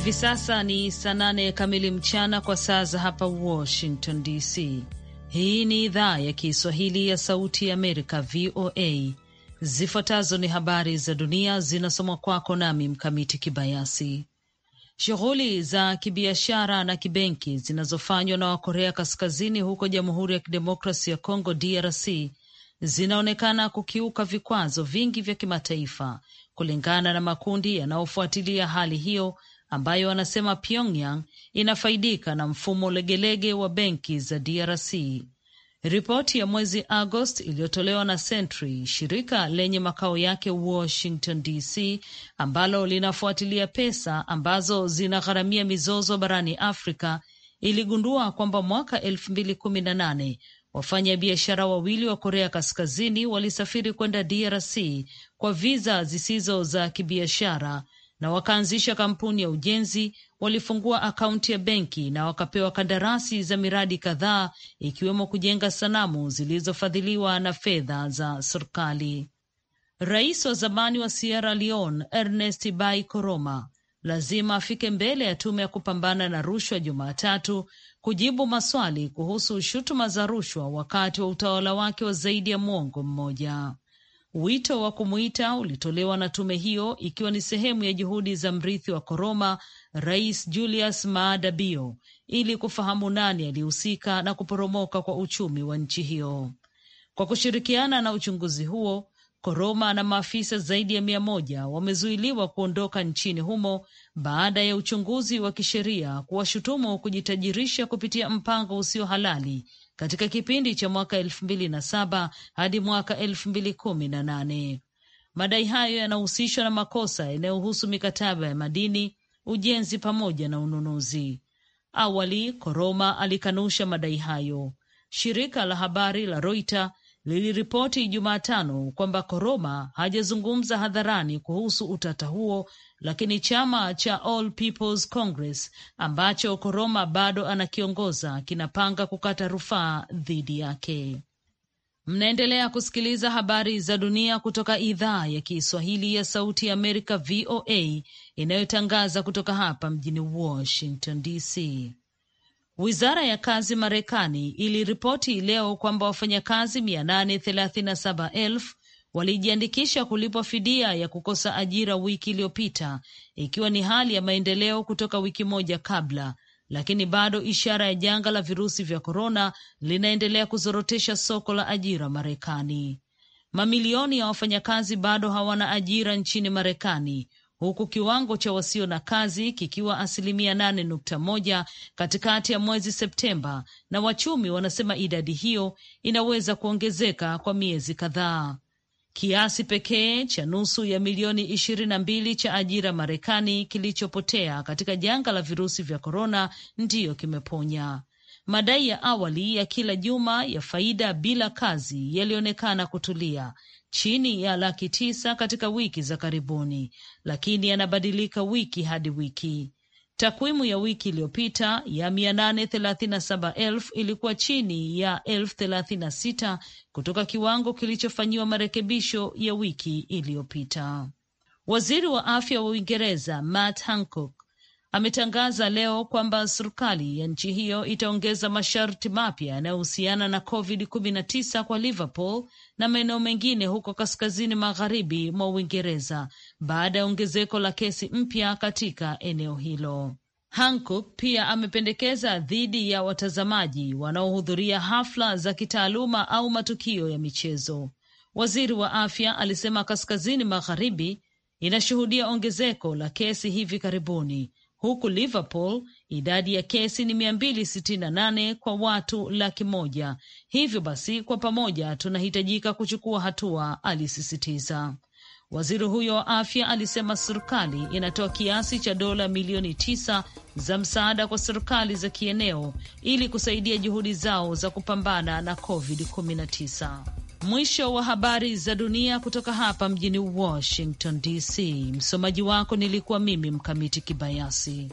Hivi sasa ni saa nane kamili mchana kwa saa za hapa Washington DC. Hii ni idhaa ya Kiswahili ya Sauti ya Amerika, VOA. Zifuatazo ni habari za dunia zinasomwa kwako nami Mkamiti Kibayasi. Shughuli za kibiashara na kibenki zinazofanywa na Wakorea Kaskazini huko Jamhuri ya Kidemokrasi ya congo DRC, zinaonekana kukiuka vikwazo vingi vya kimataifa, kulingana na makundi yanayofuatilia hali hiyo ambayo wanasema Pyongyang inafaidika na mfumo legelege wa benki za DRC. Ripoti ya mwezi Agosti iliyotolewa na Sentry, shirika lenye makao yake Washington DC, ambalo linafuatilia pesa ambazo zinagharamia mizozo barani Afrika, iligundua kwamba mwaka elfu mbili kumi na nane wafanya biashara wawili wa Korea Kaskazini walisafiri kwenda DRC kwa viza zisizo za kibiashara na wakaanzisha kampuni ya ujenzi, walifungua akaunti ya benki na wakapewa kandarasi za miradi kadhaa, ikiwemo kujenga sanamu zilizofadhiliwa na fedha za serikali. Rais wa zamani wa Sierra Leone Ernest Bai Koroma lazima afike mbele ya tume ya kupambana na rushwa Jumatatu kujibu maswali kuhusu shutuma za rushwa wakati wa utawala wake wa zaidi ya mwongo mmoja. Wito wa kumwita ulitolewa na tume hiyo ikiwa ni sehemu ya juhudi za mrithi wa Koroma, Rais Julius Maada Bio, ili kufahamu nani alihusika na kuporomoka kwa uchumi wa nchi hiyo. Kwa kushirikiana na uchunguzi huo, Koroma na maafisa zaidi ya mia moja wamezuiliwa kuondoka nchini humo baada ya uchunguzi wa kisheria kuwashutumu kujitajirisha kupitia mpango usio halali katika kipindi cha mwaka elfu mbili na saba hadi mwaka elfu mbili kumi na nane. Madai hayo yanahusishwa na makosa yanayohusu mikataba ya madini, ujenzi pamoja na ununuzi. Awali Koroma alikanusha madai hayo. Shirika la habari la Reuters liliripoti Jumatano kwamba Koroma hajazungumza hadharani kuhusu utata huo, lakini chama cha All People's Congress ambacho Koroma bado anakiongoza kinapanga kukata rufaa dhidi yake. Mnaendelea kusikiliza habari za dunia kutoka idhaa ya Kiswahili ya Sauti ya Amerika, VOA, inayotangaza kutoka hapa mjini Washington DC. Wizara ya kazi Marekani iliripoti leo kwamba wafanyakazi mia nane thelathini na saba elfu walijiandikisha kulipwa fidia ya kukosa ajira wiki iliyopita, ikiwa ni hali ya maendeleo kutoka wiki moja kabla, lakini bado ishara ya janga la virusi vya korona linaendelea kuzorotesha soko la ajira Marekani. Mamilioni ya wafanyakazi bado hawana ajira nchini Marekani, huku kiwango cha wasio na kazi kikiwa asilimia nane nukta moja katikati ya mwezi Septemba, na wachumi wanasema idadi hiyo inaweza kuongezeka kwa miezi kadhaa. Kiasi pekee cha nusu ya milioni ishirini na mbili cha ajira Marekani kilichopotea katika janga la virusi vya korona ndiyo kimeponya. Madai ya awali ya kila juma ya faida bila kazi yalionekana kutulia chini ya laki tisa katika wiki za karibuni, lakini yanabadilika wiki hadi wiki. Takwimu ya wiki iliyopita ya 837,000 ilikuwa chini ya sita kutoka kiwango kilichofanyiwa marekebisho ya wiki iliyopita. Waziri wa afya wa Uingereza Matt Hancock ametangaza leo kwamba serikali ya nchi hiyo itaongeza masharti mapya yanayohusiana na COVID-19 kwa Liverpool na maeneo mengine huko kaskazini magharibi mwa Uingereza baada ya ongezeko la kesi mpya katika eneo hilo. Hancock pia amependekeza dhidi ya watazamaji wanaohudhuria hafla za kitaaluma au matukio ya michezo. Waziri wa afya alisema kaskazini magharibi inashuhudia ongezeko la kesi hivi karibuni huku Liverpool idadi ya kesi ni mia mbili sitini na nane kwa watu laki moja. Hivyo basi kwa pamoja tunahitajika kuchukua hatua, alisisitiza. Waziri huyo wa afya alisema serikali inatoa kiasi cha dola milioni tisa za msaada kwa serikali za kieneo ili kusaidia juhudi zao za kupambana na COVID-19. Mwisho wa habari za dunia kutoka hapa mjini Washington DC. Msomaji wako nilikuwa mimi Mkamiti Kibayasi.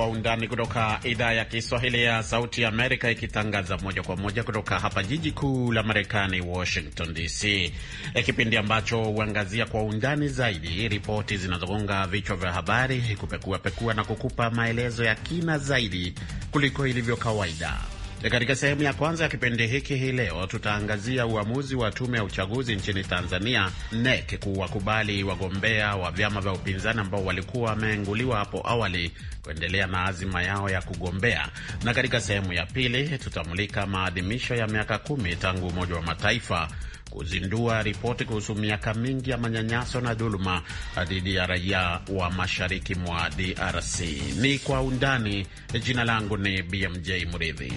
Kwa Undani kutoka idhaa ya Kiswahili ya Sauti Amerika, ikitangaza moja kwa moja kutoka hapa jiji kuu la Marekani, Washington DC, e, kipindi ambacho huangazia kwa undani zaidi ripoti zinazogonga vichwa vya habari, kupekuapekua na kukupa maelezo ya kina zaidi kuliko ilivyo kawaida. E, katika sehemu ya kwanza ya kipindi hiki hii leo tutaangazia uamuzi wa tume ya uchaguzi nchini Tanzania NEC kuwakubali wagombea wa vyama vya upinzani ambao walikuwa wameenguliwa hapo awali kuendelea na azima yao ya kugombea, na katika sehemu ya pili tutamulika maadhimisho ya miaka kumi tangu Umoja wa Mataifa kuzindua ripoti kuhusu miaka mingi ya manyanyaso na dhuluma dhidi ya raia wa mashariki mwa DRC. Ni kwa undani. Jina langu ni BMJ Muridhi.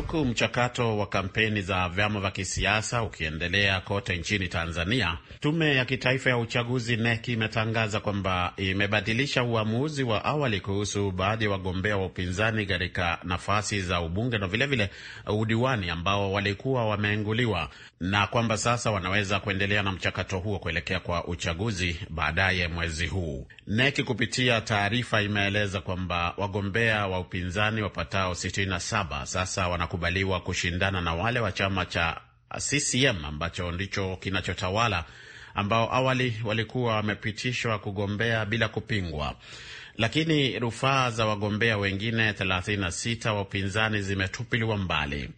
Huku mchakato wa kampeni za vyama vya kisiasa ukiendelea kote nchini Tanzania, Tume ya Kitaifa ya Uchaguzi NEC imetangaza kwamba imebadilisha uamuzi wa awali kuhusu baadhi ya wagombea wa upinzani katika nafasi za ubunge na vilevile udiwani ambao walikuwa wameenguliwa na kwamba sasa wanaweza kuendelea na mchakato huo kuelekea kwa uchaguzi baadaye mwezi huu. NEC kupitia taarifa imeeleza kwamba wagombea wa upinzani wapatao 67 sasa wana wanakubaliwa kushindana na wale wa chama cha CCM ambacho ndicho kinachotawala, ambao awali walikuwa wamepitishwa kugombea bila kupingwa. Lakini rufaa za wagombea wengine 36 wa upinzani zimetupiliwa mbali.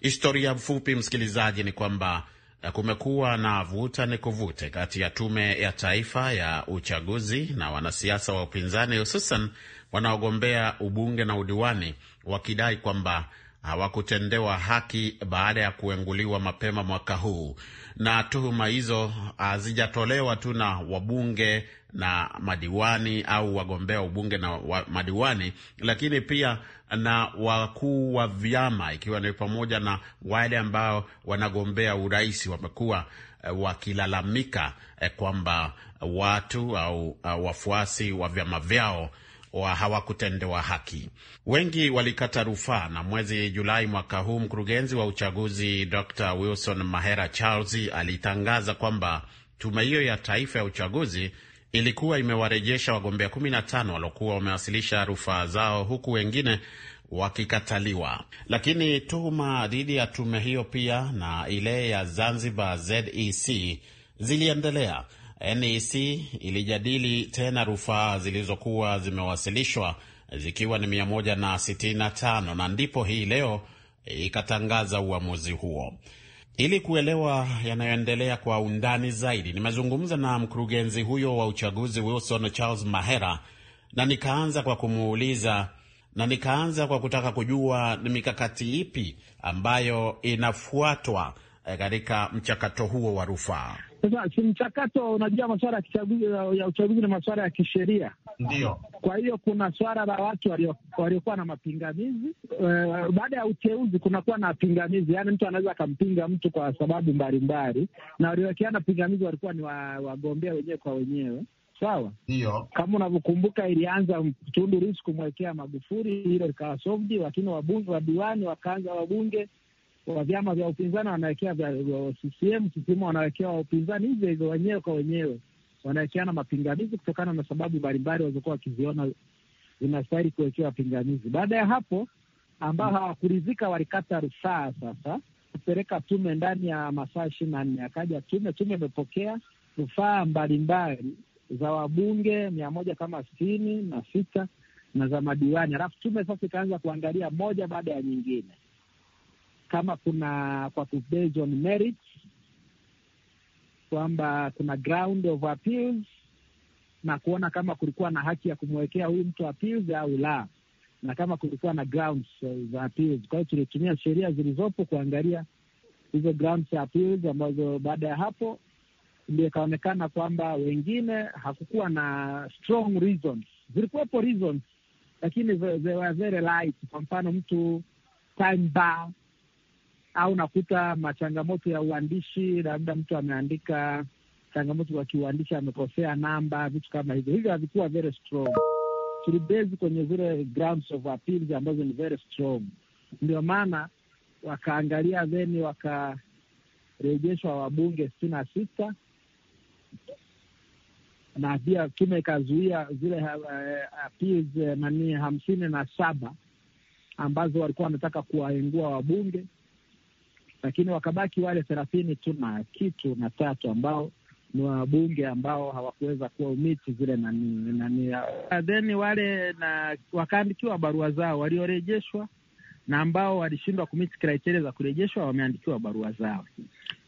Historia mfupi, msikilizaji, ni kwamba eh, kumekuwa na vuta ni kuvute kati ya Tume ya Taifa ya Uchaguzi na wanasiasa wa upinzani, hususan wanaogombea ubunge na udiwani, wakidai kwamba hawakutendewa haki baada ya kuenguliwa mapema mwaka huu, na tuhuma hizo ah, hazijatolewa tu na wabunge na madiwani au wagombea ubunge na wa madiwani, lakini pia na wakuu wa vyama, ikiwa ni pamoja na wale ambao wanagombea urais wamekuwa eh, wakilalamika eh, kwamba watu au ah, wafuasi wa vyama vyao wa hawakutendewa haki. Wengi walikata rufaa, na mwezi Julai mwaka huu mkurugenzi wa uchaguzi Dr Wilson Mahera Charles alitangaza kwamba tume hiyo ya taifa ya uchaguzi ilikuwa imewarejesha wagombea 15 waliokuwa wamewasilisha rufaa zao huku wengine wakikataliwa. Lakini tuhuma dhidi ya tume hiyo pia na ile ya Zanzibar ZEC ziliendelea NEC ilijadili tena rufaa zilizokuwa zimewasilishwa zikiwa ni 165 na ndipo hii leo ikatangaza uamuzi huo. Ili kuelewa yanayoendelea kwa undani zaidi, nimezungumza na mkurugenzi huyo wa uchaguzi Wilson Charles Mahera na nikaanza kwa kumuuliza na nikaanza kwa kutaka kujua ni mikakati ipi ambayo inafuatwa eh, katika mchakato huo wa rufaa. Sasa si mchakato, unajua maswala ya uchaguzi ni maswala ya kisheria, ndio. Kwa hiyo kuna swala la watu waliokuwa na mapingamizi uh, baada ya uteuzi kunakuwa na pingamizi, yaani mtu anaweza akampinga mtu kwa sababu mbalimbali, na waliowekeana pingamizi walikuwa ni wagombea wa wenyewe kwa wenyewe Sawa, ndio. Kama unavyokumbuka ilianza Tundu Lissu kumwekea Magufuli, hilo likawa solved, lakini wabunge wa diwani wakaanza wabunge wa vyama vya upinzani wanawekea vya CCM, CCM wanawekea wa upinzani hivyo hivyo, wenyewe kwa wenyewe wanawekeana mapingamizi kutokana na sababu mbalimbali walizokuwa wakiziona zinastahili kuwekewa pingamizi. Baada ya hapo, ambao hawakuridhika walikata rufaa sasa kupeleka tume ndani ya masaa ishirini na nne. Akaja tume, tume imepokea rufaa mbalimbali za wabunge mia moja kama sitini na sita na za madiwani, halafu tume sasa ikaanza kuangalia moja baada ya nyingine kama kuna kwa based on merits kwamba kuna ground of appeals na kuona kama kulikuwa na haki ya kumwekea huyu mtu appeals au la, na kama kulikuwa na grounds za appeals. Kwa hiyo tulitumia sheria zilizopo kuangalia hizo grounds za appeals, ambazo baada ya hapo ndio ikaonekana kwamba wengine hakukuwa na strong reasons. Zilikuwepo reasons lakini they were very light. Kwa mfano mtu time bar au unakuta machangamoto ya uandishi, labda mtu ameandika changamoto za kiuandishi, amekosea namba, vitu kama hivyo. Hivyo havikuwa very strong, tulibezi kwenye zile grounds of appeals ambazo ni very strong. Ndio maana wakaangalia theni, wakarejeshwa wabunge sitini na sita na pia tume ikazuia zile uh, appeals eh, nani hamsini na saba ambazo walikuwa wanataka kuwaingua wabunge lakini wakabaki wale thelathini tu na kitu na tatu ambao ni wabunge ambao hawakuweza kuwa umiti zile nani nani then wale na wakaandikiwa barua zao waliorejeshwa na ambao walishindwa kumiti kriteria za kurejeshwa wameandikiwa barua zao.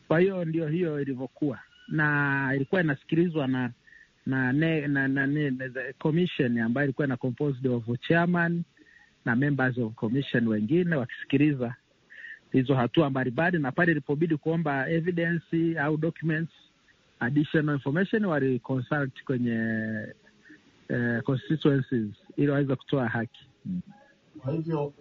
Kwa hiyo ndio hiyo ilivyokuwa, na ilikuwa inasikilizwa na na na, na, the commission ambayo ilikuwa na composed of chairman na members of commission wengine wakisikiliza hizo hatua mbalimbali, na pale ilipobidi kuomba evidence au documents additional information consult kwenye eh, constituencies ili waweze kutoa haki. Kwa hivyo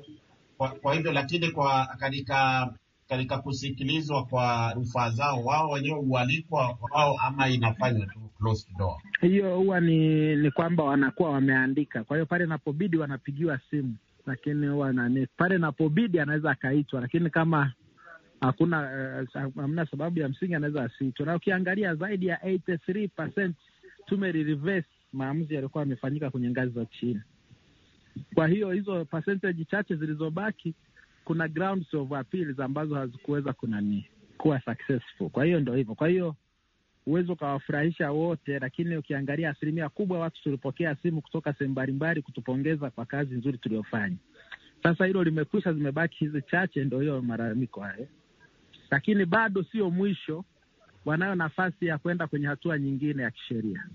kwa, kwa hivyo lakini kwa katika katika kusikilizwa kwa rufaa zao wao wenyewe hualikwa wao, ama inafanywa tu close door? Hiyo huwa ni, ni kwamba wanakuwa wameandika, kwa hiyo pale inapobidi wanapigiwa simu lakini huwa nani, pale napobidi anaweza akaitwa, lakini kama hakuna eh, hamna uh, sababu ya msingi anaweza asiitwa. Na ukiangalia zaidi ya 83% tume reverse maamuzi yaliokuwa yamefanyika kwenye ngazi za chini. Kwa hiyo hizo percentage chache zilizobaki, kuna grounds of appeals ambazo hazikuweza kunani kuwa successful. Kwa hiyo ndo hivyo, kwa hiyo huwezi ukawafurahisha wote, lakini ukiangalia asilimia kubwa watu tulipokea simu kutoka sehemu mbalimbali kutupongeza kwa kazi nzuri tuliyofanya. Sasa hilo limekwisha, zimebaki hizi chache, ndo hiyo malalamiko hayo, lakini bado sio mwisho. Wanayo nafasi ya kwenda kwenye hatua nyingine ya kisheria.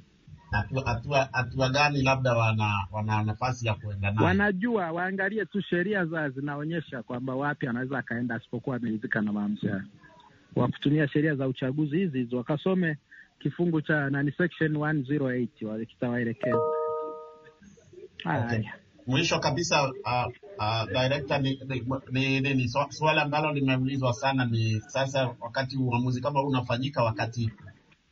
Hatua gani? Labda wana, wana nafasi ya kuenda nayo, wanajua waangalie tu sheria za zinaonyesha kwamba wapi anaweza akaenda, asipokuwa ameridhika na maamuzi hayo wa kutumia sheria za uchaguzi hizi wakasome kifungu cha nani section 108 kitawaelekeza Mwisho kabisa uh, uh, director, ni, ni, ni, ni ni suala ambalo limeulizwa sana ni sasa, wakati uamuzi kama huu unafanyika, wakati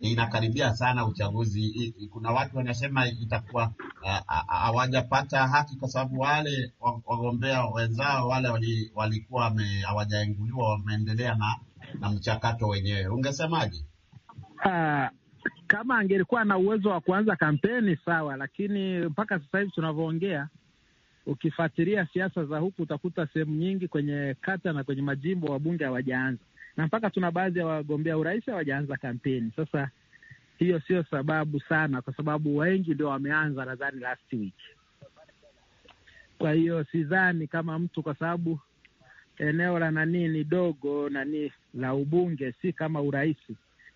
inakaribia sana uchaguzi i, i, kuna watu wanasema itakuwa uh, uh, hawajapata uh, haki kwa sababu wale wagombea wenzao wale walikuwa wali hawajaenguliwa wameendelea na na mchakato wenyewe, ungesemaje? Uh, kama angelikuwa na uwezo wa kuanza kampeni sawa, lakini mpaka sasa hivi tunavyoongea, ukifuatilia siasa za huku utakuta sehemu nyingi kwenye kata na kwenye majimbo wabunge hawajaanza, na mpaka tuna baadhi ya wagombea urais hawajaanza kampeni. Sasa hiyo sio sababu sana, kwa sababu wengi ndio wameanza nadhani last week. Kwa hiyo sidhani kama mtu kwa sababu eneo la nani ni dogo nani la ubunge, si kama urais.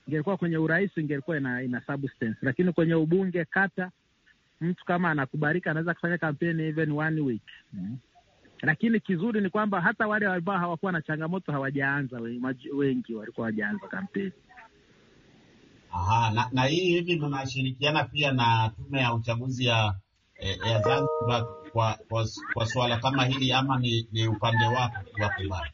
Ingelikuwa kwenye urais ingelikuwa ina, ina substance, lakini kwenye ubunge kata, mtu kama anakubarika anaweza kufanya kampeni even one week mm. Lakini kizuri ni kwamba hata wale ambao hawakuwa na changamoto hawajaanza, wengi walikuwa hawajaanza kampeni. Aha, na, na hii hivi mnashirikiana pia na tume ya uchaguzi ya, eh, ya Zanzibar kwa, kwa, kwa swala kama hili ama ni, ni upande wako wakubali?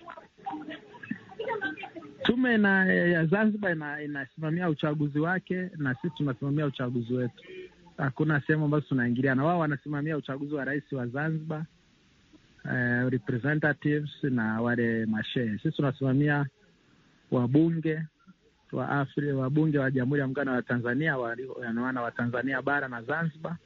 Tume na ya Zanzibar ina, inasimamia uchaguzi wake na sisi tunasimamia uchaguzi wetu. Hakuna sehemu ambazo tunaingiliana. Wao wanasimamia uchaguzi wa rais wa Zanzibar eh, representatives na wale mashehe. Sisi tunasimamia wabunge wa Afri, wabunge wa Jamhuri ya Muungano wa Tanzania, wana wa Tanzania bara na Zanzibar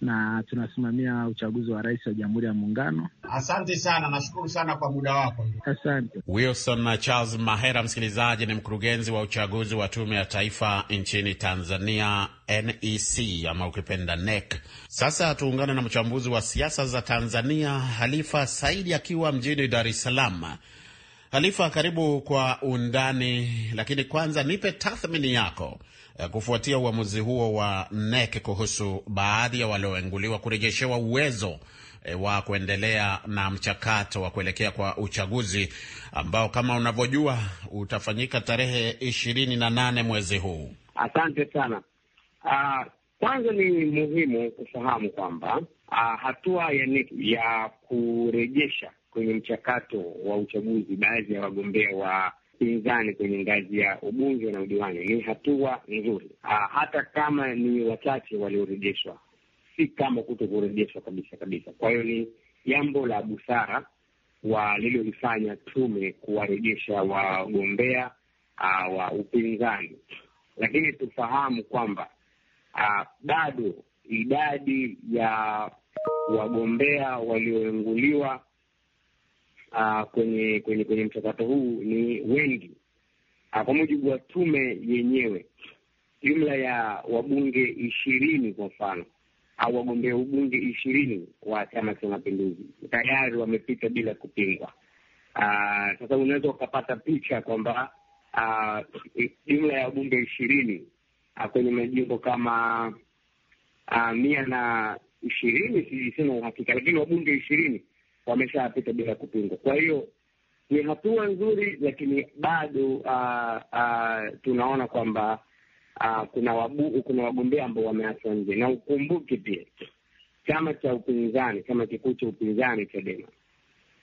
na tunasimamia uchaguzi wa rais wa Jamhuri ya Muungano. Asante sana, nashukuru sana kwa muda wako. Asante Wilson na Charles Mahera. Msikilizaji, ni mkurugenzi wa uchaguzi wa Tume ya Taifa nchini Tanzania, NEC ama ukipenda NEC. Sasa tuungane na mchambuzi wa siasa za Tanzania, Halifa Saidi akiwa mjini Dar es Salaam. Halifa, karibu kwa undani, lakini kwanza nipe tathmini yako Eh, kufuatia uamuzi huo wa NEC kuhusu baadhi ya walioenguliwa kurejeshewa uwezo eh, wa kuendelea na mchakato wa kuelekea kwa uchaguzi ambao kama unavyojua utafanyika tarehe ishirini na nane mwezi huu. Asante sana. Uh, kwanza ni muhimu kufahamu kwamba uh, hatua ya NEC ya kurejesha kwenye mchakato wa uchaguzi baadhi ya wagombea wa upinzani kwenye ngazi ya ubunge na udiwani ni hatua nzuri, ah, hata kama ni wachache waliorejeshwa, si kama kuto kurejeshwa kabisa kabisa. Kwa hiyo ni jambo la busara walilolifanya tume kuwarejesha wagombea ah, wa upinzani, lakini tufahamu kwamba ah, bado idadi ya wagombea walioenguliwa uh, kwenye kwenye kwenye mchakato huu ni wengi. Uh, kwa mujibu wa tume yenyewe, jumla ya wabunge ishirini kwa mfano au wagombea ubunge ishirini wa Chama cha Mapinduzi tayari wamepita bila kupingwa. Uh, sasa unaweza ukapata picha kwamba jumla uh, ya wabunge ishirini uh, kwenye majimbo kama uh, mia na ishirini, sina uhakika, lakini wabunge ishirini wameshapita bila kupingwa. Kwa hiyo ni hatua nzuri, lakini bado uh, uh, tunaona kwamba uh, kuna wabu, kuna wagombea ambao wameachwa nje, na ukumbuke pia chama cha upinzani, chama kikuu cha upinzani Chadema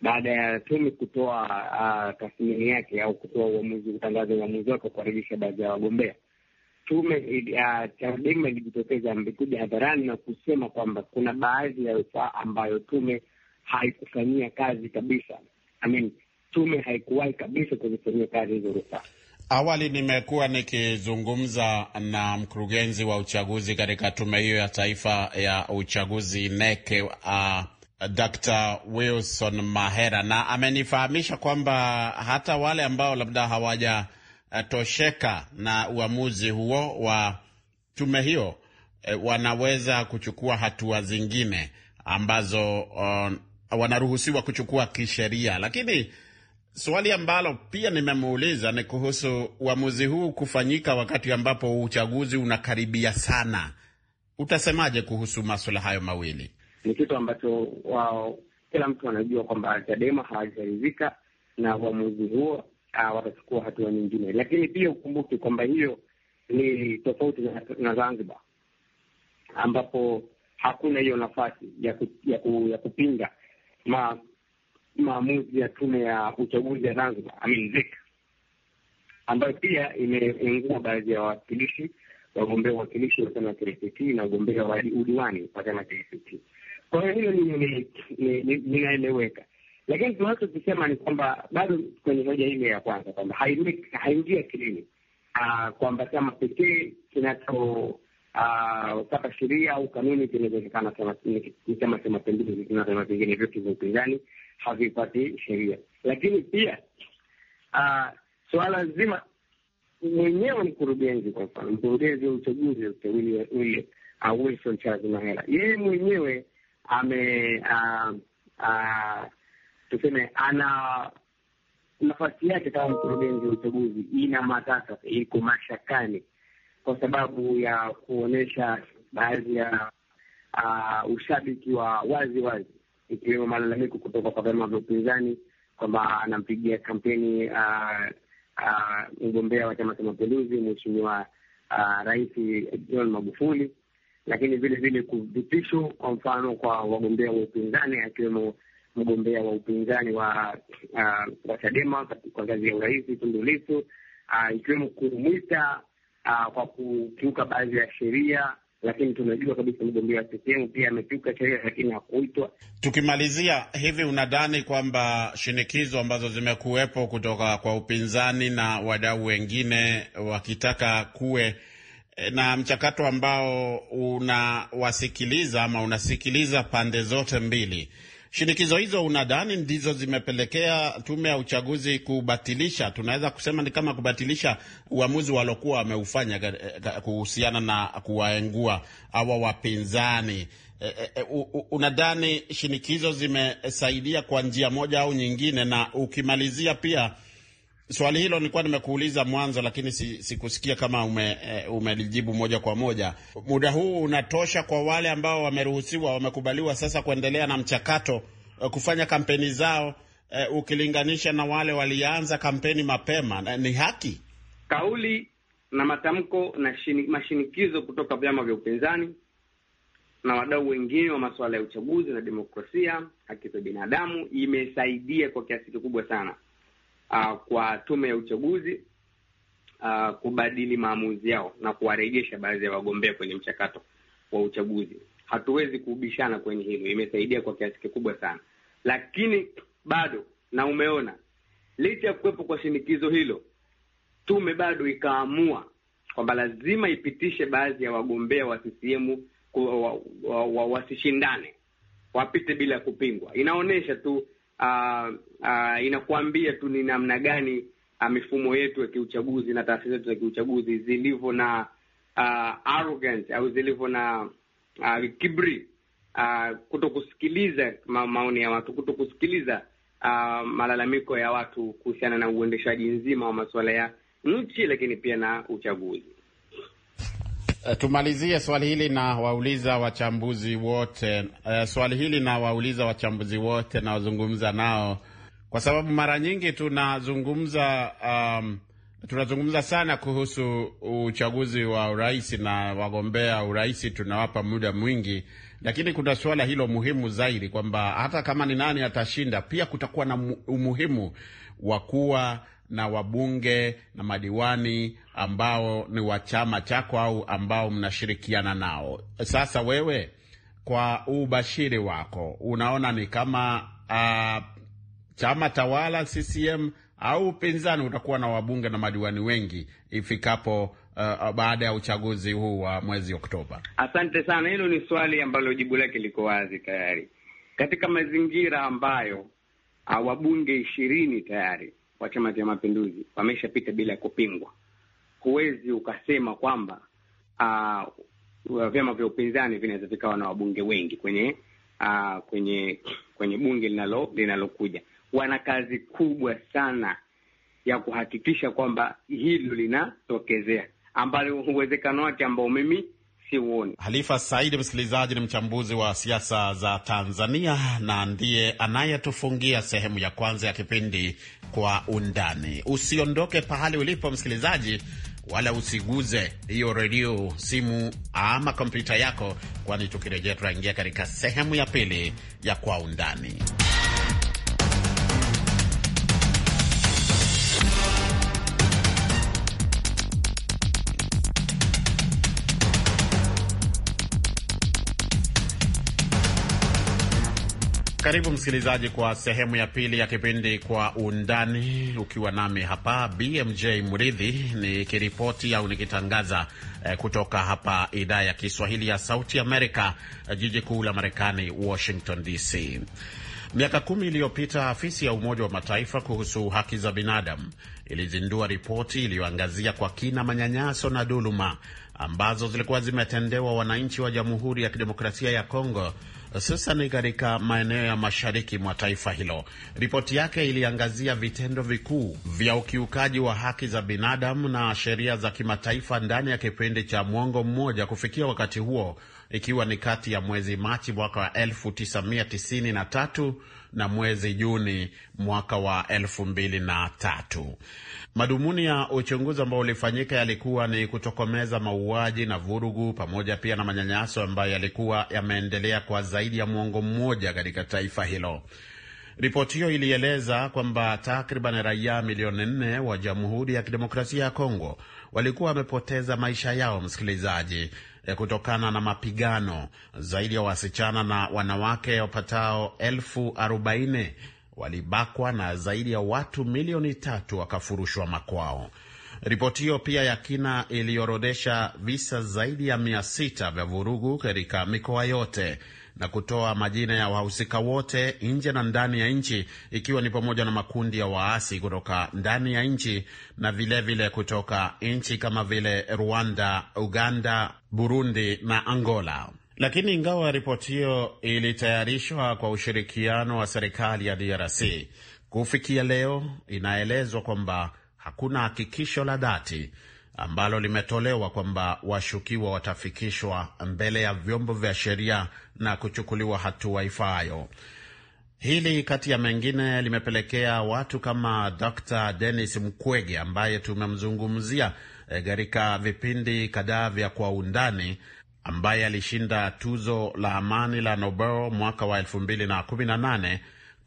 baada ya tume kutoa uh, tathmini yake au kutoa uamuzi, kutangaza uamuzi wake wa kuharibisha baadhi ya wagombea, tume uh, Chadema ilijitokeza, amekuja hadharani na kusema kwamba kuna baadhi ya rufaa ambayo tume haikufanyia kazi kabisa. I mean, tume haikuwahi kabisa kuzifanyia kazi hizo rufaa. Awali nimekuwa nikizungumza na mkurugenzi wa uchaguzi katika tume hiyo ya taifa ya uchaguzi neke uh, Dr. Wilson Mahera na amenifahamisha kwamba hata wale ambao labda hawajatosheka na uamuzi huo wa tume hiyo eh, wanaweza kuchukua hatua zingine ambazo uh, wanaruhusiwa kuchukua kisheria. Lakini swali ambalo pia nimemuuliza ni kuhusu uamuzi huu kufanyika wakati ambapo uchaguzi unakaribia sana. Utasemaje kuhusu maswala hayo mawili? Ni kitu ambacho wao kila mtu anajua kwamba Chadema hawajaridhika na uamuzi huo, watachukua hatua nyingine, lakini pia ukumbuke kwamba hiyo ni tofauti na Zanzibar ambapo hakuna hiyo nafasi ya, ku, ya, ku, ya kupinga ma, maamuzi ya tume ya uchaguzi ya Zanzibar amin ZEK ambayo pia imeungua baadhi ya wawakilishi wagombea uwakilishi wa chama cha ACT na wagombea wa udiwani wa chama cha ACT. Kwa hiyo hilo linaeleweka, lakini tunachokisema ni kwamba bado kwenye hoja ile ya kwanza kwamba haingia akilini ah, kwamba chama pekee kinacho Ah, kupata sheria au kanuni zinazowezekana, nisema chama cha mapinduzi na vyama vingine vyote vya upinzani havipati sheria. Lakini pia ah, suala zima mwenyewe mkurugenzi, kwa mfano mkurugenzi wa uchaguzi ule ah, Wilson Charles Mahela, yeye mwenyewe ame tuseme ana nafasi yake kama mkurugenzi wa uchaguzi ina matata, iko mashakani kwa sababu ya kuonyesha baadhi ya uh, ushabiki wa wazi wazi, ikiwemo malalamiko kutoka kwa vyama vya upinzani kwamba anampigia kampeni uh, uh, mgombea wa Chama cha Mapinduzi Mheshimiwa uh, Rais John Magufuli, lakini vile vile kuvitisho kwa mfano kwa wagombea wa upinzani akiwemo mgombea wa upinzani wa uh, wa Chadema kwa ngazi ya urais Tundu Lissu uh, ikiwemo kumwita uh, kwa kukiuka baadhi ya sheria, lakini tunajua kabisa mgombea wa CCM pia amekiuka sheria, lakini hakuitwa. Tukimalizia hivi, unadhani kwamba shinikizo ambazo zimekuwepo kutoka kwa upinzani na wadau wengine wakitaka kuwe eh, na mchakato ambao unawasikiliza ama unasikiliza pande zote mbili Shinikizo hizo unadhani ndizo zimepelekea tume ya uchaguzi kubatilisha, tunaweza kusema ni kama kubatilisha uamuzi waliokuwa wameufanya eh, eh, kuhusiana na kuwaengua hawa wapinzani? E, e, unadhani shinikizo zimesaidia kwa njia moja au nyingine? Na ukimalizia pia swali hilo nilikuwa nimekuuliza mwanzo, lakini sikusikia si kama ume, e, umelijibu moja kwa moja. Muda huu unatosha kwa wale ambao wameruhusiwa, wamekubaliwa sasa kuendelea na mchakato eh, kufanya kampeni zao e, ukilinganisha na wale walianza kampeni mapema e, ni haki kauli na matamko na shini, mashinikizo kutoka vyama vya upinzani na wadau wengine wa masuala ya uchaguzi na demokrasia, haki za binadamu imesaidia kwa kiasi kikubwa sana uh, kwa tume ya uchaguzi uh, kubadili maamuzi yao na kuwarejesha baadhi ya wagombea kwenye mchakato wa uchaguzi. Hatuwezi kubishana kwenye hilo, imesaidia kwa kiasi kikubwa sana, lakini bado na umeona, licha ya kuwepo kwa shinikizo hilo, tume bado ikaamua kwamba lazima ipitishe baadhi ya wagombea wa CCM wasishindane, wapite bila kupingwa. Inaonyesha tu uh, uh, inakuambia tu ni namna gani uh, mifumo yetu ya kiuchaguzi na taasisi zetu za kiuchaguzi zilivyo na uh, arrogant au zilivyo na uh, kibri uh, kuto kusikiliza ma maoni ya watu, kuto kusikiliza uh, malalamiko ya watu kuhusiana na uendeshaji nzima wa masuala ya nchi, lakini pia na uchaguzi. Eh, tumalizie swali hili na wauliza wachambuzi wote uh, swali hili na wauliza wachambuzi wote nawazungumza nao, kwa sababu mara nyingi tunazungumza um, tunazungumza sana kuhusu uchaguzi wa urais na wagombea urais, tunawapa muda mwingi, lakini kuna suala hilo muhimu zaidi kwamba hata kama ni nani atashinda, pia kutakuwa na umuhimu wa kuwa na wabunge na madiwani ambao ni wa chama chako au ambao mnashirikiana nao. Sasa wewe kwa ubashiri wako unaona ni kama uh, chama tawala CCM au upinzani utakuwa na wabunge na madiwani wengi ifikapo Uh, baada ya uchaguzi huu wa mwezi Oktoba. Asante sana, hilo ni swali ambalo jibu lake liko wazi tayari, katika mazingira ambayo ah, wabunge ishirini tayari wa Chama cha Mapinduzi wameshapita bila ya kupingwa. Huwezi ukasema kwamba uh, vyama vya upinzani vinaweza vikawa na wabunge wengi kwenye uh, kwenye kwenye bunge linalo linalokuja. Wana kazi kubwa sana ya kuhakikisha kwamba hilo linatokezea, ambalo uwezekano wake ambao mimi siuoni. Halifa Saidi, msikilizaji, ni mchambuzi wa siasa za Tanzania na ndiye anayetufungia sehemu ya kwanza ya kipindi Kwa Undani. Usiondoke pahali ulipo msikilizaji, wala usiguze hiyo redio, simu ama kompyuta yako, kwani tukirejea, tutaingia katika sehemu ya pili ya Kwa Undani. Karibu msikilizaji, kwa sehemu ya pili ya kipindi Kwa Undani, ukiwa nami hapa BMJ ni nikiripoti au nikitangaza eh, kutoka hapa idhaa ya Kiswahili ya Sauti Amerika, eh, jiji kuu la Marekani, Washington DC. Miaka kumi iliyopita afisi ya Umoja wa Mataifa kuhusu haki za binadamu ilizindua ripoti iliyoangazia kwa kina manyanyaso na dhuluma ambazo zilikuwa zimetendewa wananchi wa Jamhuri ya Kidemokrasia ya Kongo hususan katika maeneo ya mashariki mwa taifa hilo. Ripoti yake iliangazia vitendo vikuu vya ukiukaji wa haki za binadamu na sheria za kimataifa ndani ya kipindi cha mwongo mmoja kufikia wakati huo ikiwa ni kati ya mwezi Machi mwaka wa 1993 na mwezi Juni mwaka wa 2003. Madhumuni ya uchunguzi ambao ulifanyika yalikuwa ni kutokomeza mauaji na vurugu pamoja pia na manyanyaso ambayo yalikuwa yameendelea kwa zaidi ya mwongo mmoja katika taifa hilo. Ripoti hiyo ilieleza kwamba takriban raia milioni nne wa Jamhuri ya Kidemokrasia ya Kongo walikuwa wamepoteza maisha yao, msikilizaji, Eh, kutokana na mapigano. Zaidi ya wasichana na wanawake wapatao elfu arobaini walibakwa na zaidi ya watu milioni tatu wakafurushwa makwao. Ripoti hiyo pia ya kina iliorodhesha visa zaidi ya mia sita vya vurugu katika mikoa yote na kutoa majina ya wahusika wote nje na ndani ya nchi, ikiwa ni pamoja na makundi ya waasi kutoka ndani ya nchi na vilevile vile kutoka nchi kama vile Rwanda, Uganda, Burundi na Angola. Lakini ingawa ripoti hiyo ilitayarishwa kwa ushirikiano wa serikali ya DRC, kufikia leo inaelezwa kwamba hakuna hakikisho la dhati ambalo limetolewa kwamba washukiwa watafikishwa mbele ya vyombo vya sheria na kuchukuliwa hatua ifaayo. Hili kati ya mengine limepelekea watu kama Dr. Dennis Mkwege ambaye tumemzungumzia eh, katika vipindi kadhaa vya Kwa Undani, ambaye alishinda tuzo la amani la Nobel mwaka wa 2018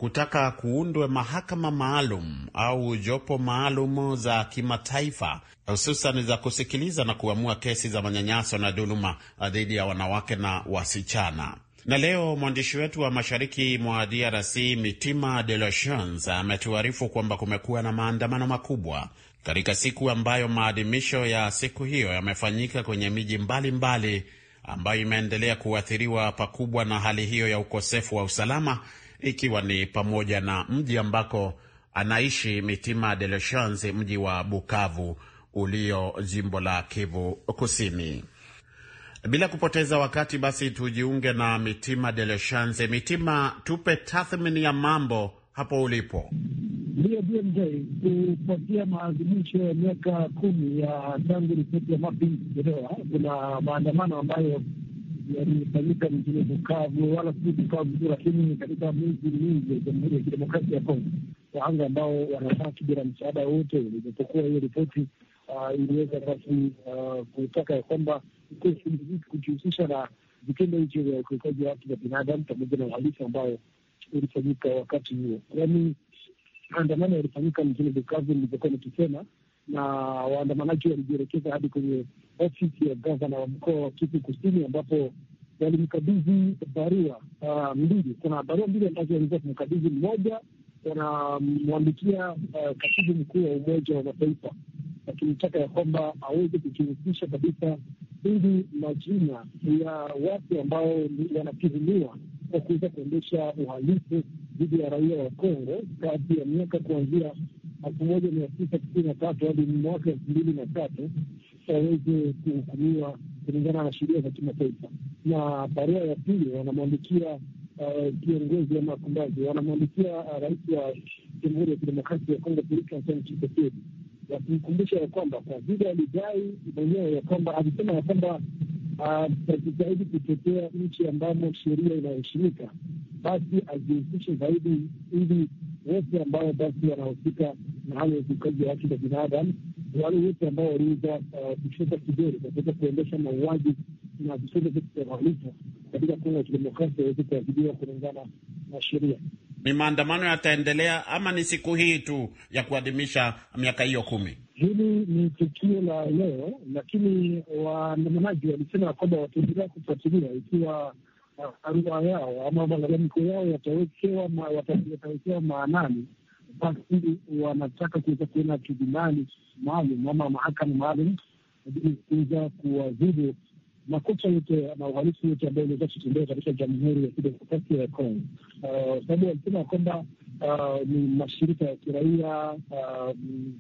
kutaka kuundwe mahakama maalum au jopo maalum za kimataifa hususan za kusikiliza na kuamua kesi za manyanyaso na dhuluma uh, dhidi ya wanawake na wasichana. Na leo mwandishi wetu wa mashariki mwa DRC Mitima de la Chance ametuarifu kwamba kumekuwa na maandamano makubwa katika siku ambayo maadhimisho ya siku hiyo yamefanyika kwenye miji mbalimbali ambayo imeendelea kuathiriwa pakubwa na hali hiyo ya ukosefu wa usalama ikiwa ni pamoja na mji ambako anaishi Mitima de Lechance, mji wa Bukavu ulio jimbo la Kivu Kusini. Bila kupoteza wakati, basi tujiunge na Mitima de Lechance. Mitima, tupe tathmini ya mambo hapo ulipo. Ndiyo BMJ, kufuatia maadhimisho ya miaka kumi ya tangu ripoti ya mapingi kutolewa, kuna maandamano ambayo yalifanyika mjini Bukavu, wala si Bukavu tu, lakini katika miji mingi ya Jamhuri ya Kidemokrasia ya Kongo, wahanga ambao wanabaki bila msaada wote. Ilipokuwa hiyo ripoti uh, iliweza basi uh, kutaka ya kwamba kujihusisha na vitendo hicho vya ukiukaji wa haki za binadamu pamoja na uhalifu ambayo ilifanyika wakati huo, yaani maandamano yalifanyika mjini Bukavu nilivyokuwa nikisema na waandamanaji walijielekeza hadi kwenye ofisi ya gavana wa mkoa wa Kivu Kusini ambapo walimkabidhi barua uh, mbili. Kuna barua mbili ambazo waliweza kumkabidhi, mmoja wanamwandikia uh, katibu mkuu wa Umoja wa Mataifa akimtaka ya kwamba aweze kujihusisha kabisa ili majina ya watu ambao wanatuhumiwa kwa kuweza kuendesha uhalifu dhidi ya raia wa Kongo kati ya miaka kuanzia elfu moja mia tisa tisini na tatu hadi mwaka elfu mbili na tatu waweze kuhukumiwa kulingana na sheria za kimataifa. Na barua ya pili wanamwandikia eh, kiongozi wa Makumbazi, wanamwandikia eh, rais wa Jamhuri ya Kidemokrasia ya Kongo Felix Antoine Tshisekedi wakimkumbusha ya kwamba kwa vile alidai mwenyewe ya kwamba alisema ya kwamba atajitahidi ah, kutetea nchi ambamo sheria inaheshimika, basi ajihusishe zaidi ili wote ambao basi wanahusika na hali ya ukiukaji wa haki za binadamu, wale wote ambao waliweza uh, kushota kidole katika kuendesha mauaji na vishota vya kitawalika katika Kongo ya Kidemokrasia waweze kuadhibiwa kulingana na sheria. Ni maandamano yataendelea ama ni siku hii tu ya kuadhimisha miaka hiyo kumi? Hili ni tukio la leo, lakini waandamanaji walisema ya kwamba wataendelea kufuatilia ikiwa barua yao ama malalamiko yao yatawekewa maanani, basi wanataka kuweza kuona tribunali maalum ama mahakama maalum ili kuweza kuwazibu makosa yote na uhalifu yote ambayo imeweza kutendea katika Jamhuri ya Kidemokrasia ya Kongo, ah, sababu walisema kwamba ah, ni mashirika ya kiraia, ah, mm,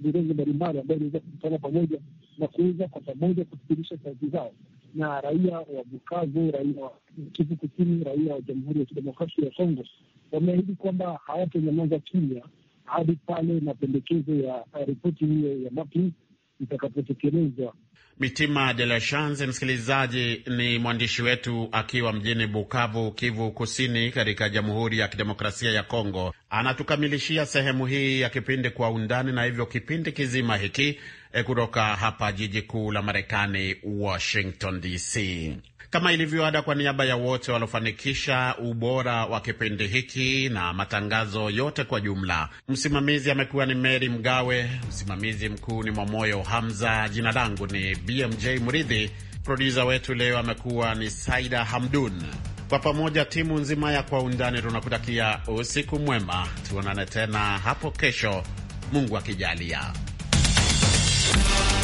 viongozi mbalimbali ambayo imeweza kukutana pamoja na kuweza kwa pamoja kufikirisha kazi zao na raia wa Bukavu, raia wa Kivu Kusini, raia wa Jamhuri ya Kidemokrasia ya Kongo wameahidi kwamba hawatanyamaza kimya hadi pale mapendekezo ya ripoti hiyo ya mapi itakapotekelezwa. Mitima de la Chance, msikilizaji, ni mwandishi wetu akiwa mjini Bukavu, Kivu Kusini, katika Jamhuri ya Kidemokrasia ya Kongo. Anatukamilishia sehemu hii ya kipindi Kwa Undani, na hivyo kipindi kizima hiki Eh, kutoka hapa jiji kuu la Marekani, Washington DC. Kama ilivyoada, kwa niaba ya wote waliofanikisha ubora wa kipindi hiki na matangazo yote kwa jumla, msimamizi amekuwa ni Meri Mgawe, msimamizi mkuu ni Mwamoyo Hamza, jina langu ni BMJ mridhi produsa wetu leo amekuwa ni Saida Hamdun. Kwa pamoja timu nzima ya Kwa Undani tunakutakia usiku mwema, tuonane tena hapo kesho, Mungu akijalia. Podcast.